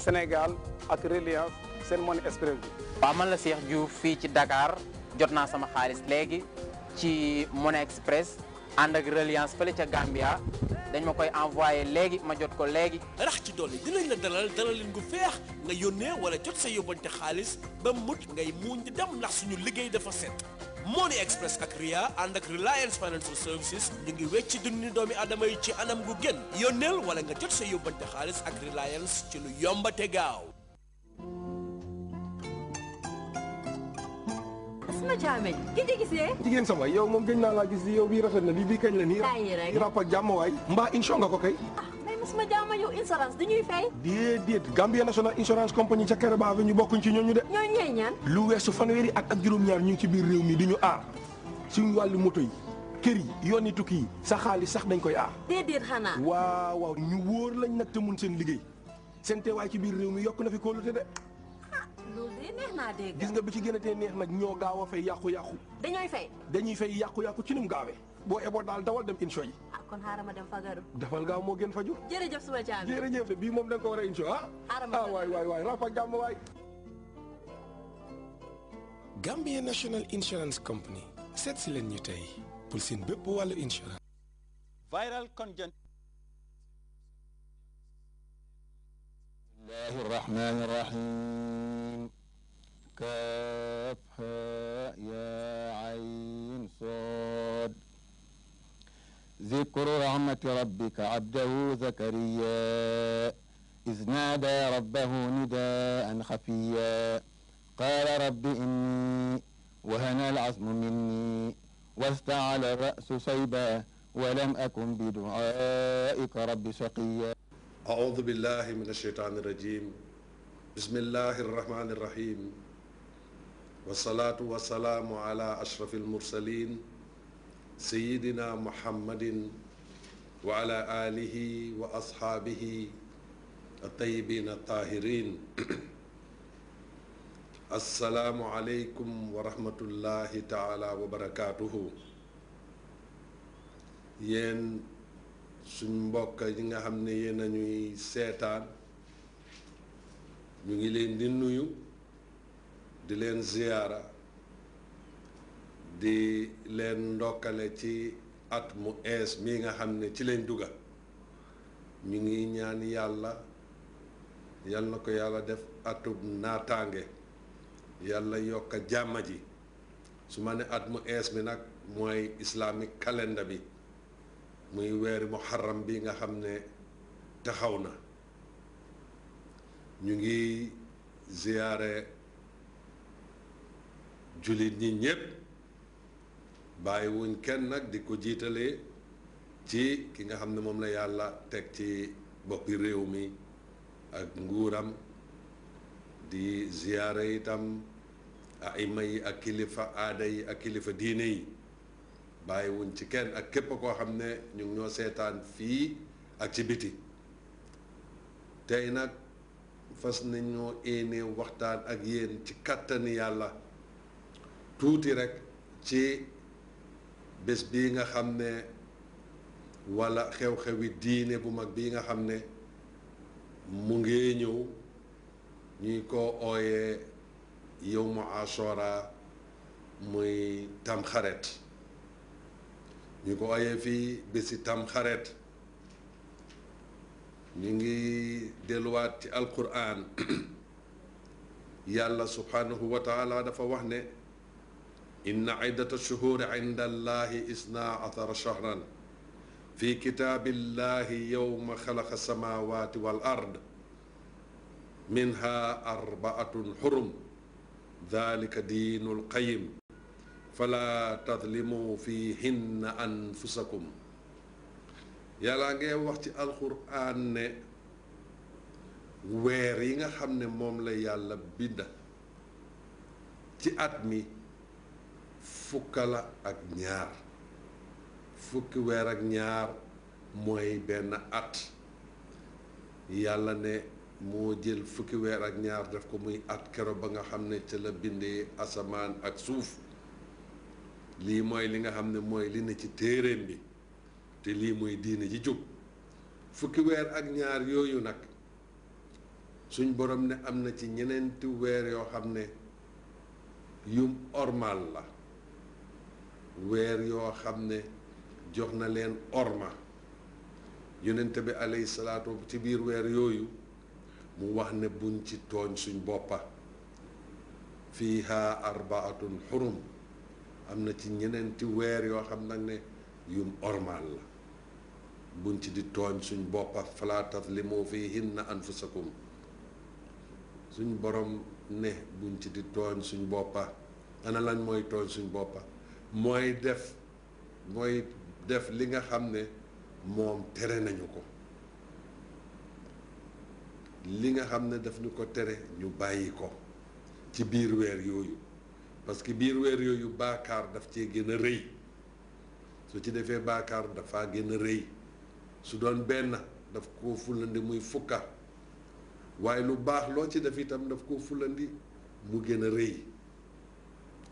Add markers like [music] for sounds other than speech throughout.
Sénégal ak Reliance seen Money Express bi. waaw man la Cheikh Diouf fii ci dakaar jot naa sama xaalis léegi ci Money Express ànd ak Reliance fële ca Gambia dañ ma koy envoyé léegi ma jot ko léegi. rax ci dolli dinañ la dalal dalalin gu feex nga yónnee wala jot sa yóbbante xaalis ba mut ngay muuñ di dem ndax suñu liggéey dafa set. Money Express ak RIA ànd ak Reliance Financial Services ñu ngi wecc dundi doomi aadama yi ci anam gu gën yónneel wala nga jot sa yóbbante xaalis ak Reliance ci lu yombate gaaw. sama caamee ki ci gisee. jigéen sama yow moom gëj naa laa gis yow bii rafet na bii bii kañ la nii. ràpp ak jàmm waay mbaa incha nga ko kay. Ah. Isma Jaama yow insurance dañuy fay. déedéet Insurance Company ca Kairaba Avenue ñu bokkuñ ci ñooñu de. ñooñu ñooy ñaan. lu weesu fanweeri at ak juróom-ñaar ñu ngi ci biir réew mi di ñu aar suñu wàllu moto yi. kër yi yoon yi tukki yi sa xaalis sax dañ koy aar. déedéet xanaa. waaw waaw ñu wóor lañ nag te mun seen liggéey seen teewaay ci biir réew mi yokk na fi kóolute de. Ah, loolu de neex gis nga bi ci gën a tee neex nag ñoo gaaw a fay yàqu-yàqu. dañooy fay. dañuy fay yàqu-yàqu ci ni mu gaawee. boo eboon daal dawal dem incha yi. ah kon xaaral ma dem dafal gaaw moo gën faju. jërëjëf suma caabi. jërëjëf de bii moom da ko war a incha ah. xaaral ma ah, waay waay waay rafet ak jàmm waay. Gambia National Insurance Company seet leen ñu tey pour seen bépp insurance. viral conjunct. ربك عبده زكريا إذ نادى ربه نداء خفيا قال رب إني وهنا العظم مني واستعل الرأس صيبا ولم أكن بدعائك رب شقيا أعوذ بالله من الشيطان الرجيم بسم الله الرحمن الرحيم والصلاة والسلام على أشرف المرسلين سيدنا محمد wa ala alihi wa ashaabihi at-tayyibin at-tahirin [clears throat] assalaamu aleykum wa rahmatullahi taala wa barakaatuhu yéen suñ mbokk yi nga xam ne yéen nañuy seetaan ñu ngi leen di nuyu di leen ziyaara di leen ndokkale ci at mu ees mii nga xam ne ci lañ duga ñu ngi ñaan yàlla yal na ko yàlla def atub naataange yàlla yokk jàmma ji su ma ne at mu ees mi nag mooy islamic calendar bi muy weeri muharram bi nga xam ne taxaw na ñu ngi ziyaare jullit ñi ñépp bàyyi kenn nag di ko jiitalee ci ki nga xam ne moom la yàlla teg ci boppi réew mi ak nguuram di ziyaare itam aima yi ak kilifa aada yi ak kilifa diine yi bàyyi ci kenn ak képp koo xam ne ñu ñoo seetaan fii ak ci biti tey nag fas nañoo éenee waxtaan ak yéen ci kàttani yàlla tuuti rek ci bés bii nga xam ne wala xew-xewi diine bu mag bii nga xam ne mu ngi ñëw ñuy ko ooyee yawmu ashora muy tamxaret ñu ko ooyee fii bési tamxaret ñu ngi delluwaat ci alquran [coughs] yàlla subhanahu wa taala dafa wax ne إن عدة الشهور عند الله إثنا عشر شهرا في كتاب الله يوم خلق السماوات والأرض منها أربعة حرم ذلك دين القيم فلا تظلموا فيهن أنفسكم yàllaa ngay وقت القرآن ويرينا ne weer yi nga xam fukkala ak ñaar fukki weer ak ñaar mooy benn at yàlla ne moo jël fukki ak ñaar def ko muy at kero ba nga xam ne ca la bindee asamaan ak suuf lii mooy li nga xam ne mooy li ne ci téeréem bi te lii muy diine ci jub fukkiweer ak ñaar yooyu nag suñ boroom ne am na ci ñeneenti weer yoo xam ne yu ormal la weer yoo xam ne jox na leen orma yonente bi alayhi salaatu ci biir weer yooyu mu wax ne buñ ci tooñ suñ boppa fiiha arbaatun xurum am na ci ñeneenti weer yoo xam nag ne yum ormaal la buñ ci di tooñ suñ boppa fala tazlimu fihinna anfusakum suñ borom ne buñ ci di tooñ suñ boppa ana lan mooy tooñ suñ boppa mooy def mooy def li nga xam ne moom tere nañu ko li nga xam ne daf ñu ko tere ñu bàyyi ko ci biir weer yooyu parce que biir weer yooyu baakaar daf cee gën a rëy su ci defee baakaar dafaa gën a rëy su doon benn daf koo fulandi muy fukka waaye lu baax loo ci def itam daf koo fulandi mu gën a rëy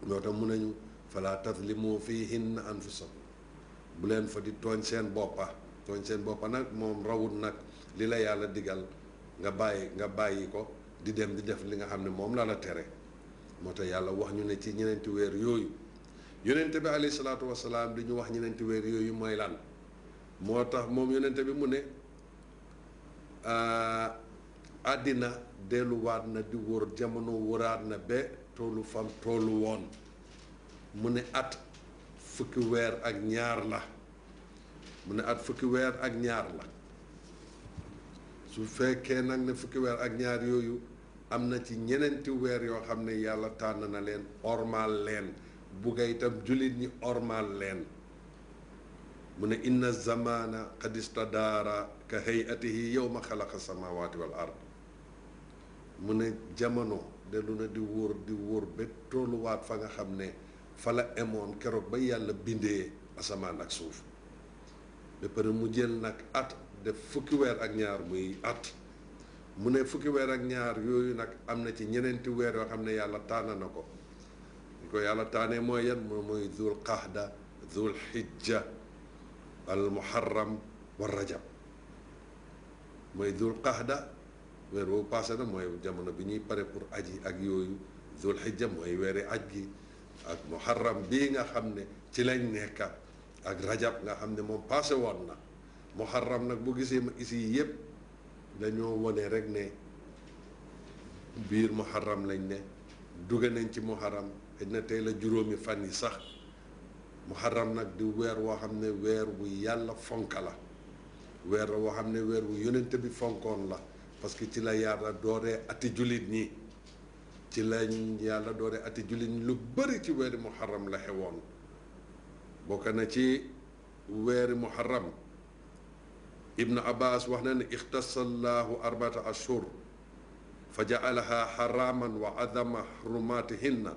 moo tax mun nañu fala tazlimu fihin anfusakum bu leen fa di tooñ seen boppa tooñ seen bopa nak mom rawut nag li la yàlla digal nga bàyyi nga bàyyi ko di dem di def li nga xam mom moom la la tere moo tax yàlla wax ñu ne ci ñeneenti weer yooyu yonente bi alayhi salaatu wasalaam di ñu wax ñeneenti weer yooyu mooy lan moo mom moom bi mu ne àddina delluwaat na di wër jamono wëraat na ba toolu fam toolu won mu ne at fukki weer ak ñaar la mu ne at fukki ak ñaar la su fekkee nag ne fukki weer ak ñaar yooyu am na ci ñenenti weer yoo xam ne yàlla tànn na leen ormal leen bugga itam jullit ñi ormal leen mu ne inna zamana qad istadaara ka hayatihi yowma sama samawati wal ard mu ne jamono de lu na di wóor di wóor ba fa nga xam ne fala emon emoon keroog ba yàlla bindee asamaan ak suuf ba pare mu jël at de fukki weer ak ñaar muy at mu ne fukki weer ak ñaar yooyu nak am na ci ñeneenti weer yoo xam ne taana nako ko ko yàlla taanee yan moom mooy zul qahda zul hijja al muharram wa rajab mooy zul qahda weer wo passé na mooy jamono bi ñuy pare pour aji ak yooyu zul hijja mooy weeri aji ak muharram bii nga xam ne ci lañ nekkat ak rajab nga xam ne moom passé woon na muharram nag bu gisee ma isi yëpp dañoo wone rek ne biir muharram lañ ne dugg nañ ci muharram xëj na tey la juróomi fan yi sax muharram nag di weer woo xam ne weer wu yàlla fonk la weer woo xam ne weer wu yonent bi fonkoon la parce que ci la yàlla dooree ati jullit ñi ci lañ yàlla doore ati julin lu فجعلها حراما وعدم حرماتهن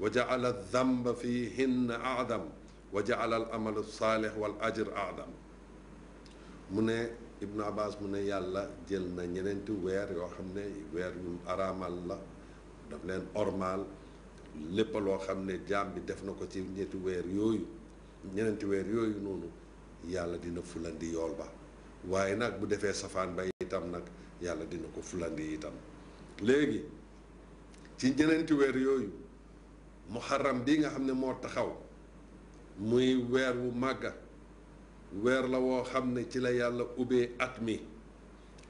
وجعل الذنب فيهن أعظم وجعل العمل الصالح والأجر أعظم من ابن عباس من يالا جلنا نينتو وير يوخمنا وير أرام الله daf leen ormaal lépp loo xam ne jaam bi def na ko ci ñetti weer yooyu ñeneenti weer yooyu noonu yàlla dina fulandi yool ba waaye nag bu defee safaan ba itam nag yàlla dina ko fulandi itam léegi ci ñeneenti weer yooyu mu xaram bi nga xam ne moo taxaw muy weer wu màgga weer la woo xam ne ci la yàlla ubbee at mi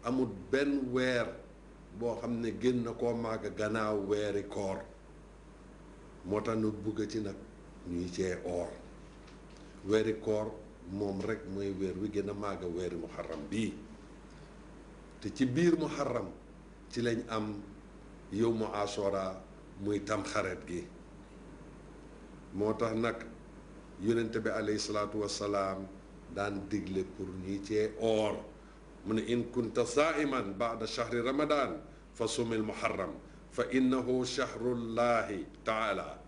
amul benn weer boo xam ne gën na koo màgg gannaaw weeri koor moo tax nu bugg ci nag ñuy cee oor weeri koor moom rekk mooy weer wi gën a màgg weeri muharram bii te ci biir muharram ci lañ am yow mu asora muy tamxaret gi moo tax nag yonente bi alayhi salaatu wassalaam daan digle pour ñuy cee oor mu ne in kunta saaiman baada chahri ramadan fa sumil muharram fa innahu chahrullahi taala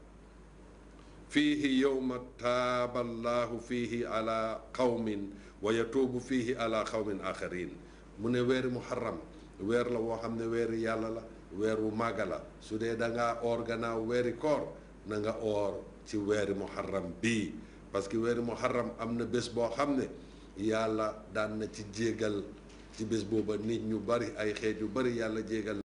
fiihi yowma taaba allahu fiihi ala qawmin wa yatuubu fiihi ala qawmin axarin mu ne weeri muharram weer la woo xam ne weeri yàlla la weer wu màgga la su dee da ngaa oor gannaaw weeri koor na nga oor ci weeri muharram bii parce que weeri muharram am na bés boo xam ne yàlla daan na ci jéegal ci bés booba nit ñu bari ay xeet yu bari yàlla jéegal